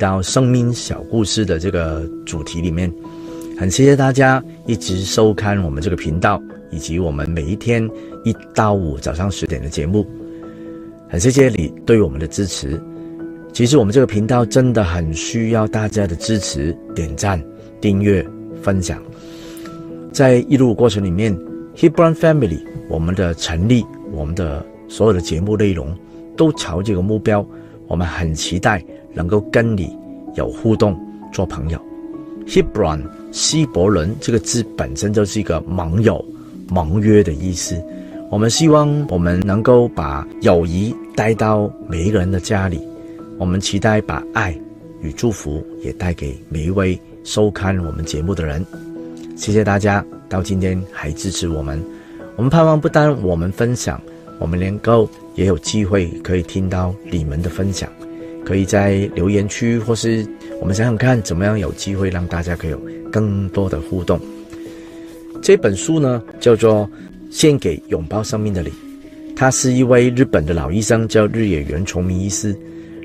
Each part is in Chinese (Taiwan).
到生命小故事的這個主題裡面，很謝謝大家一直收看我們這個頻道，以及我們每一天一到五早上十點的節目，很謝謝你對我們的支持。其實我們這個頻道真的很需要大家的支持、點讚、訂閱、分享。在一路過程裡面，Hebron Family 我們的成立，我們的所有的節目內容，都朝這個目標，我們很期待。能夠跟你有互動、做朋友，Hebron 希伯倫這個字本身就是一個盟友、盟約的意思。我們希望我們能夠把友誼帶到每一個人的家裡，我們期待把愛與祝福也帶給每一位收看我們節目的人。謝謝大家到今天還支持我們。我們盼望不單我們分享，我們能夠也有機會可以聽到你們的分享。可以在留言區，或是我們想想看，怎麼樣有機會讓大家可以有更多的互動。這本書呢，叫做《獻給擁抱生命的你》，他是一位日本的老醫生，叫日野原重明醫師。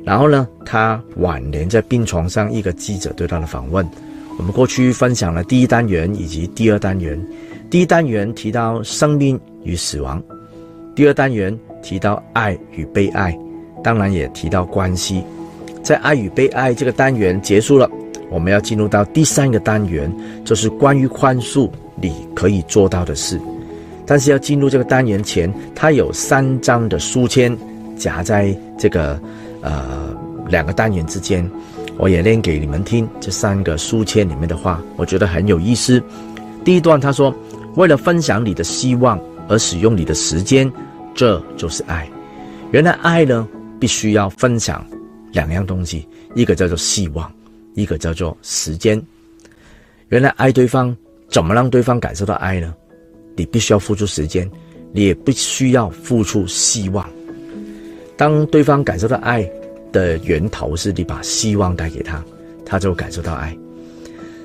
然後呢，他晚年在病床上，一個記者對他的訪問。我們過去分享了第一單元以及第二單元。第一單元提到生命與死亡，第二單元提到愛與被愛。當然也提到關係，在愛與被愛這個單元結束了，我們要進入到第三個單元，就是關於寬恕你可以做到的事。但是要進入這個單元前，他有三張的書籤夾在這個呃兩個單元之間，我也念給你們聽這三個書籤裡面的話，我覺得很有意思。第一段他說，為了分享你的希望而使用你的時間，這就是愛。原來愛呢？必須要分享兩樣東西，一個叫做希望，一個叫做時間。原來愛對方，怎麼讓對方感受到愛呢？你必須要付出時間，你也必須要付出希望。當對方感受到愛的源頭是你把希望帶給他，他就感受到愛。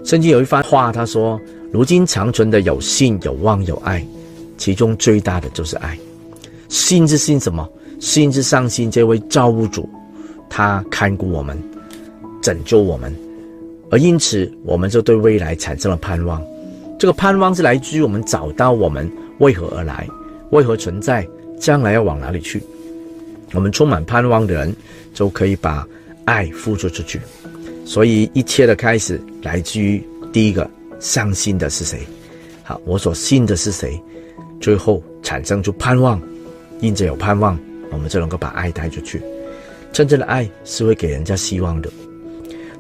聖經有一番話，他說：“如今長存的有信、有望、有愛，其中最大的就是愛。信是信什麼？”信之，相信這位造物主，他看顧我們，拯救我們，而因此我們就對未來產生了盼望。這個盼望是來自於我們找到我們為何而來，為何存在，將來要往哪裡去。我們充滿盼望的人，就可以把愛付出出去。所以一切的開始來自於第一個相信的是誰？好，我所信的是誰？最後產生出盼望，因着有盼望。我們就能夠把愛帶出去。真正的愛是會給人家希望的。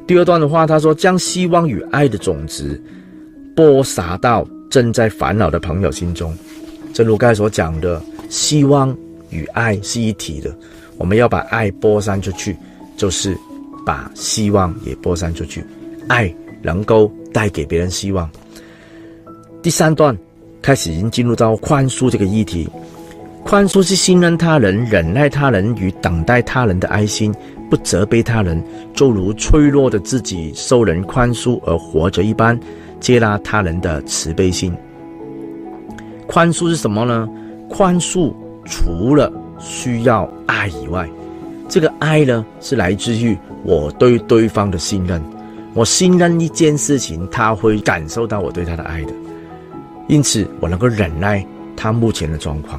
第二段的話，他說將希望與愛的種子播撒到正在煩惱的朋友心中。正如剛才所講的，希望與愛是一體的。我們要把愛播散出去，就是把希望也播散出去。愛能夠帶給別人希望。第三段開始，已經進入到寬恕這個議題。寬恕是信任他人、忍耐他人與等待他人的愛心，不責備他人，就如脆弱的自己受人寬恕而活着一般，接納他人的慈悲心。寬恕是什麼呢？寬恕除了需要愛以外，這個愛呢，是來自於我對對方的信任。我信任一件事情，他會感受到我對他的愛的，因此我能夠忍耐他目前的狀況。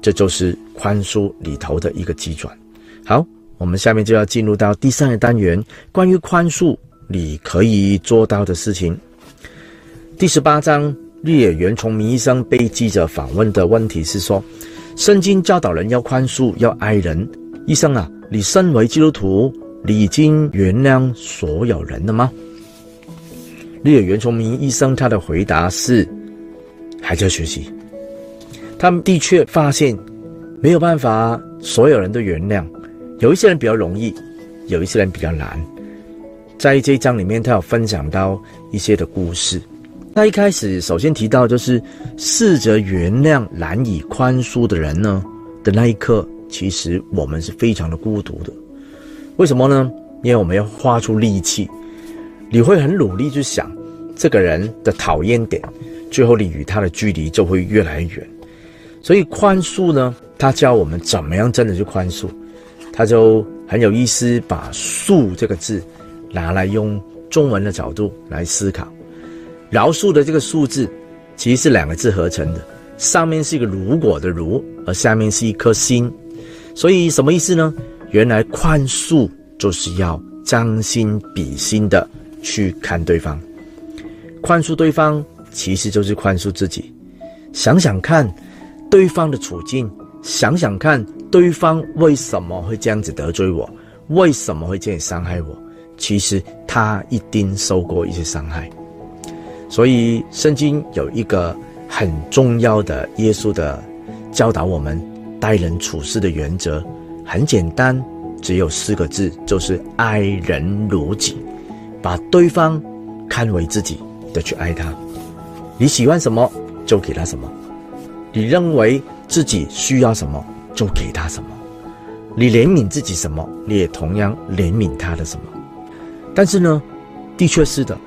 這就是寬恕裡頭的一個機轉。好，我們下面就要進入到第三個單元，關於寬恕，你可以做到的事情。第十八章，日野原重明醫生被記者訪問的問題是說，聖經教導人要寬恕，要愛人。醫生啊，你身為基督徒，你已經原諒所有人了嗎？日野原重明醫生他的回答是，還在學習。他們的確發現沒有辦法所有人都原諒，有一些人比較容易，有一些人比較難。在這一章裡面，他有分享到一些的故事。那一開始首先提到就是試着原諒難以寬恕的人呢的那一刻，其實我們是非常的孤獨的。為什麼呢？因為我們要花出力氣，你會很努力去想這個人的討厭點，最後你與他的距離就會越來越遠。所以寬恕呢，他教我們怎麼樣真的去寬恕，他就很有意思，把“恕”這個字拿來用中文的角度來思考。饒恕的這個“恕”字，其實是兩個字合成的，上面是一個“如果”的“如”，而下面是一顆心。所以什麼意思呢？原來寬恕就是要將心比心的去看對方，寬恕對方其實就是寬恕自己。想想看。對方的處境，想想看，對方為什麼會這樣子得罪我？為什麼會這樣傷害我？其實他一定受過一些傷害。所以，聖經有一個很重要的耶穌的教導，我們待人處事的原則很簡單，只有四個字，就是愛人如己，把對方看為自己的去愛他。你喜歡什麼，就給他什麼。你認為自己需要什麼，就給他什麼；你憐憫自己什麼，你也同樣憐憫他的什麼。但是呢，的確是的，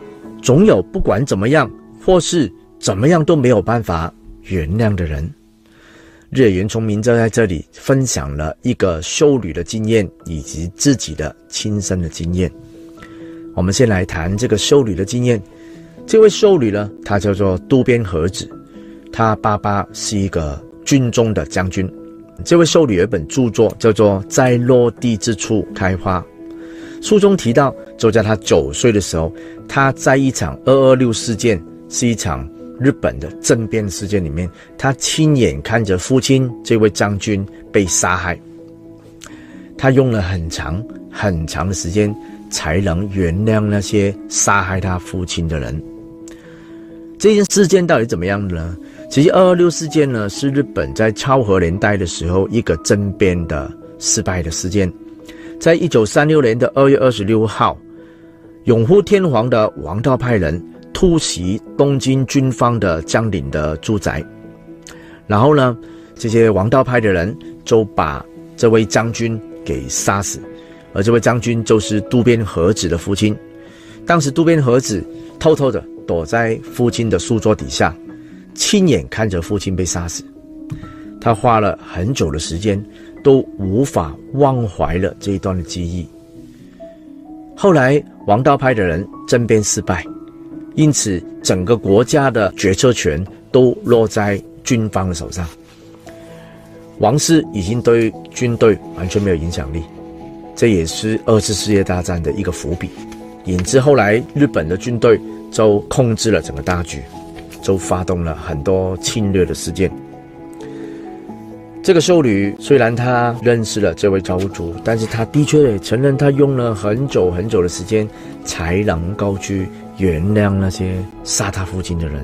總有不管怎麼樣，或是怎麼樣都沒有辦法原諒的人。日野原重明就在這裡分享了一個修女的經驗，以及自己的親身的經驗。我們先來談這個修女的經驗。這位修女呢，她叫做渡邊和子。他爸爸是一個軍中的將軍，這位修女有一本著作叫做《在落地之處開花》，書中提到，就在他九歲的時候，他在一場二二六事件，是一場日本的政變事件裡面，他親眼看着父親這位將軍被殺害。他用了很長很長的時間，才能原諒那些殺害他父親的人。這件事件到底怎麼樣的呢？其實，二二六事件呢，是日本在昭和年代的時候一個政變的失敗的事件。在一九三六年的二月二十六號，擁護天皇的王道派人突襲東京軍方的將領的住宅，然後呢，這些王道派的人就把這位將軍給殺死，而這位將軍就是渡邊和子的父親。當時渡邊和子偷偷的躲在父親的書桌底下。親眼看着父親被殺死，他花了很久的時間都無法忘懷了這一段的記憶。後來皇道派的人爭辯失敗，因此整個國家的決策權都落在軍方的手上。皇室已經對軍隊完全沒有影響力，這也是二次世界大戰的一個伏筆，引致後來日本的軍隊就控制了整個大局。就發動了很多侵略的事件。這個修女雖然她認識了這位朝族，但是她的確也承認，她用了很久很久的時間才能夠去原諒那些殺他父親的人，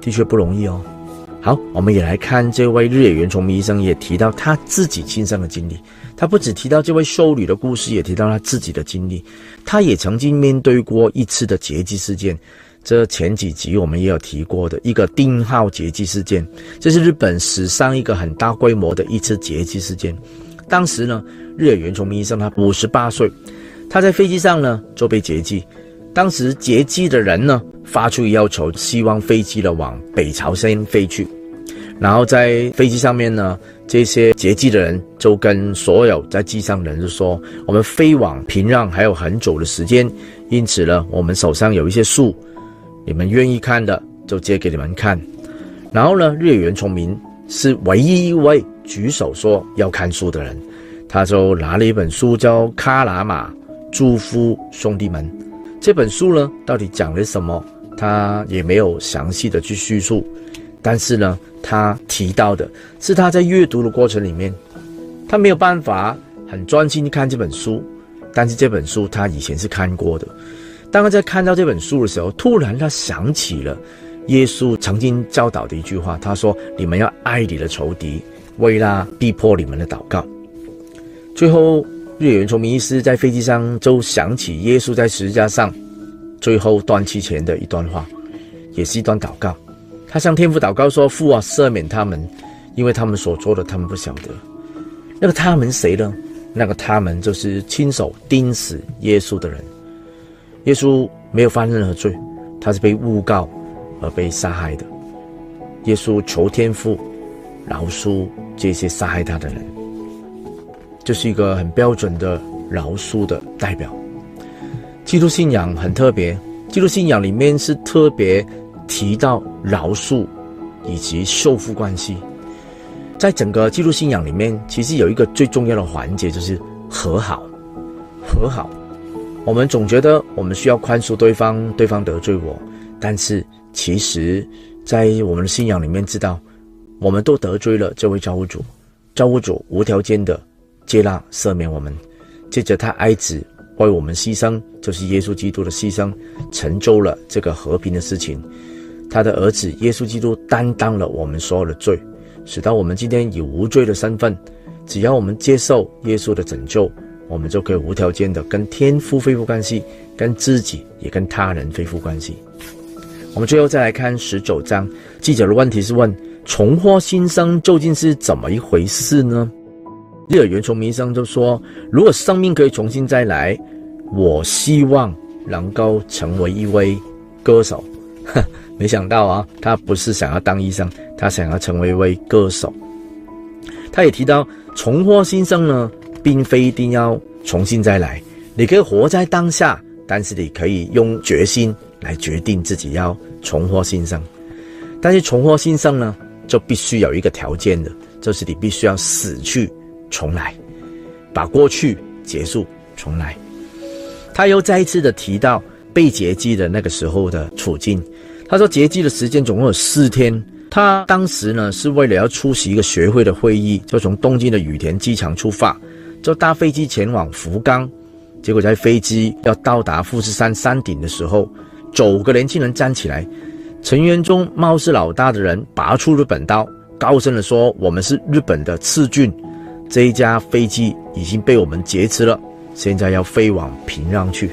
的確不容易哦。好，我們也來看這位日野原重明醫生也提到他自己親身的經歷。他不止提到這位修女的故事，也提到他自己的經歷。他也曾經面對過一次的劫機事件。這前幾集我們也有提過的，一個澱號劫機事件，這是日本史上一個很大規模的一次劫機事件。當時呢，日野原重明醫生他五十八歲，他在飛機上呢就被劫機。當時劫機的人呢發出一要求，希望飛機呢往北朝鮮飛去。然後在飛機上面呢，這些劫機的人就跟所有在機上的人就說：“我們飛往平壤還有很久的時間，因此呢，我們手上有一些書你們願意看的就借給你們看，然後呢，日野原重明是唯一一位舉手說要看書的人，他就拿了一本書叫《卡拉馬助夫兄弟們》。這本書呢，到底講了什麼，他也沒有詳細的去敘述，但是呢，他提到的是他在閱讀的過程裡面，他沒有辦法很專心看這本書，但是這本書他以前是看過的。當他在看到這本書的時候，突然他想起了耶穌曾經教導的一句話。他說：“你們要愛你的仇敵，為他逼迫你們的禱告。”最後，日野原重明醫師在飛機上就想起耶穌在十字架上最後斷氣前的一段話，也是一段禱告。他向天父禱告說：“父啊，赦免他們，因為他們所做的他們不曉得。”那個他們誰呢？那個他們就是親手釘死耶穌的人。耶穌沒有犯任何罪，他是被誣告而被殺害的。耶穌求天父饒恕這些殺害他的人，這是一個很標準的饒恕的代表。基督信仰很特別，基督信仰裡面是特別提到饒恕以及修復關係。在整個基督信仰裡面，其實有一個最重要的環節，就是和好，和好。我們總覺得我們需要寬恕對方，對方得罪我。但是其實，在我們的信仰裡面知道，我們都得罪了這位造物主。造物主無條件的接納赦免我們。接着他愛子為我們犧牲，就是耶穌基督的犧牲，成就了這個和平的事情。他的兒子耶穌基督擔當了我們所有的罪，使到我們今天以無罪的身份。只要我們接受耶穌的拯救，我們就可以無條件的跟天父恢復關係，跟自己也跟他人恢復關係。我們最後再來看十九章記者的問題是問：重獲新生究竟是怎麼一回事呢？日野原重明醫生就說：如果生命可以重新再來，我希望能夠成為一位歌手呵。沒想到啊，他不是想要當醫生，他想要成為一位歌手。他也提到重獲新生呢。並非一定要重新再來，你可以活在當下，但是你可以用決心來決定自己要重獲新生。但是重獲新生呢，就必須有一個條件的，就是你必須要死去重來，把過去結束重來。他又再一次的提到被劫機的那個時候的處境，他說劫機的時間總共有四天，他當時呢是為了要出席一個學會的會議，就從東京的羽田機場出發。就搭飛機前往福岡，結果在飛機要到達富士山山頂的時候，九個年輕人站起來，成員中貌似老大的人拔出日本刀，高聲的說：“我們是日本的赤軍，這一架飛機已經被我們劫持了，現在要飛往平壤去。”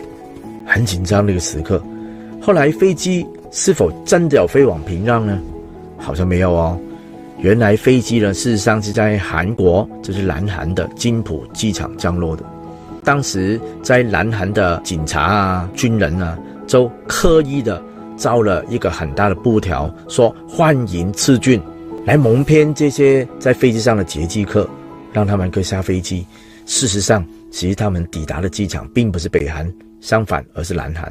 很緊張那個時刻。後來飛機是否真的要飛往平壤呢？好像沒有哦。原來飛機呢，事實上是在韓國，這、就是南韓的金浦機場降落的。當時在南韓的警察啊、軍人啊，都刻意的造了一個很大的布條，說歡迎赤軍，來蒙騙這些在飛機上的劫機客，讓他們可以下飛機。事實上，其實他們抵達的機場並不是北韓，相反而是南韓。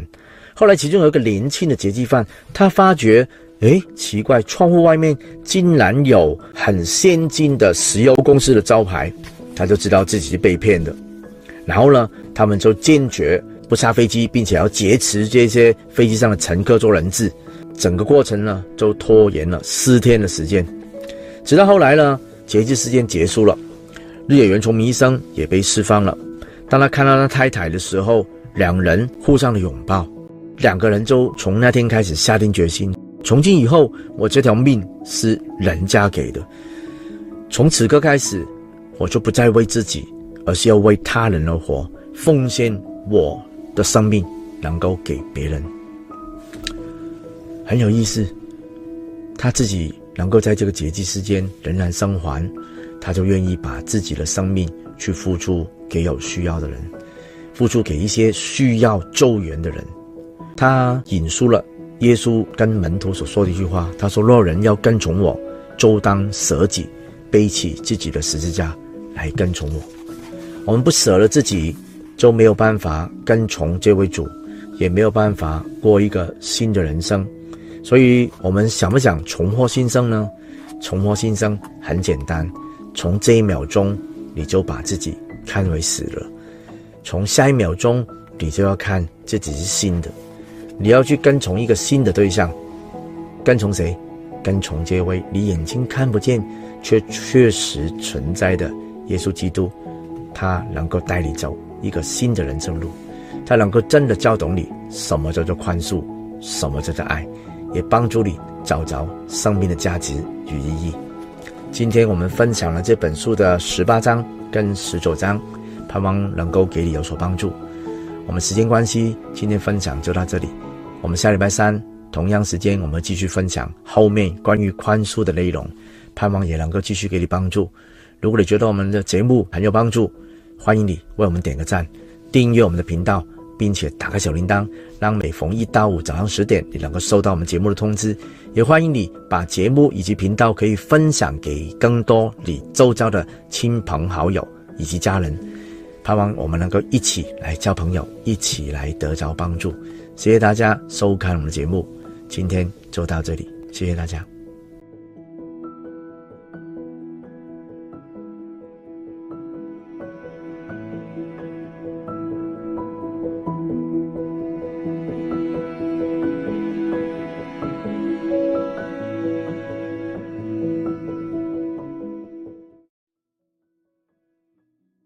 後來，其中有一個年輕的劫機犯，他發覺。哎，奇怪，窗戶外面竟然有很先進的石油公司的招牌，他就知道自己是被騙的。然後呢，他們就堅決不下飛機，並且要劫持這些飛機上的乘客做人質。整個過程呢，都拖延了四天的時間。直到後來呢，劫機事件結束了，日野原重明醫生也被釋放了。當他看到那太太的時候，兩人互相的擁抱。兩個人就從那天開始下定決心。從今以後，我這條命是人家給的。從此刻開始，我就不再為自己，而是要為他人而活，奉獻我的生命，能夠給別人。很有意思，他自己能夠在這個劫機事件仍然生還，他就願意把自己的生命去付出給有需要的人，付出給一些需要救援的人。他引述了，耶穌跟門徒所說的一句話，他說：“若人要跟從我，就當捨己，背起自己的十字架來跟從我。”我們不捨了自己，就沒有辦法跟從這位主，也沒有辦法過一個新的人生。所以，我們想不想重獲新生呢？重獲新生很簡單，從這一秒鐘你就把自己看為死了，從下一秒鐘你就要看自己是新的。你要去跟從一個新的對象，跟從誰？跟從這位你眼睛看不見，卻確實存在的耶穌基督，他能夠帶你走一個新的人生路，他能夠真的教導你什麼叫做寬恕，什麼叫做愛，也幫助你找着生命的價值與意義。今天我們分享了這本書的十八章跟十九章，盼望能夠給你有所幫助。我們時間關係，今天分享就到這裡。我們下禮拜三同樣時間，我們繼續分享後面關於寬恕的內容，盼望也能夠繼續給你幫助。如果你覺得我們的節目很有幫助，歡迎你為我們點個讚，訂閱我們的頻道，並且打開小鈴鐺，讓每逢一到五早上十點，你能夠收到我們節目的通知。也歡迎你把節目以及頻道可以分享給更多你周遭的親朋好友以及家人。盼望我們能夠一起來交朋友，一起來得着幫助。謝謝大家收看我們的節目，今天就到這裡，謝謝大家。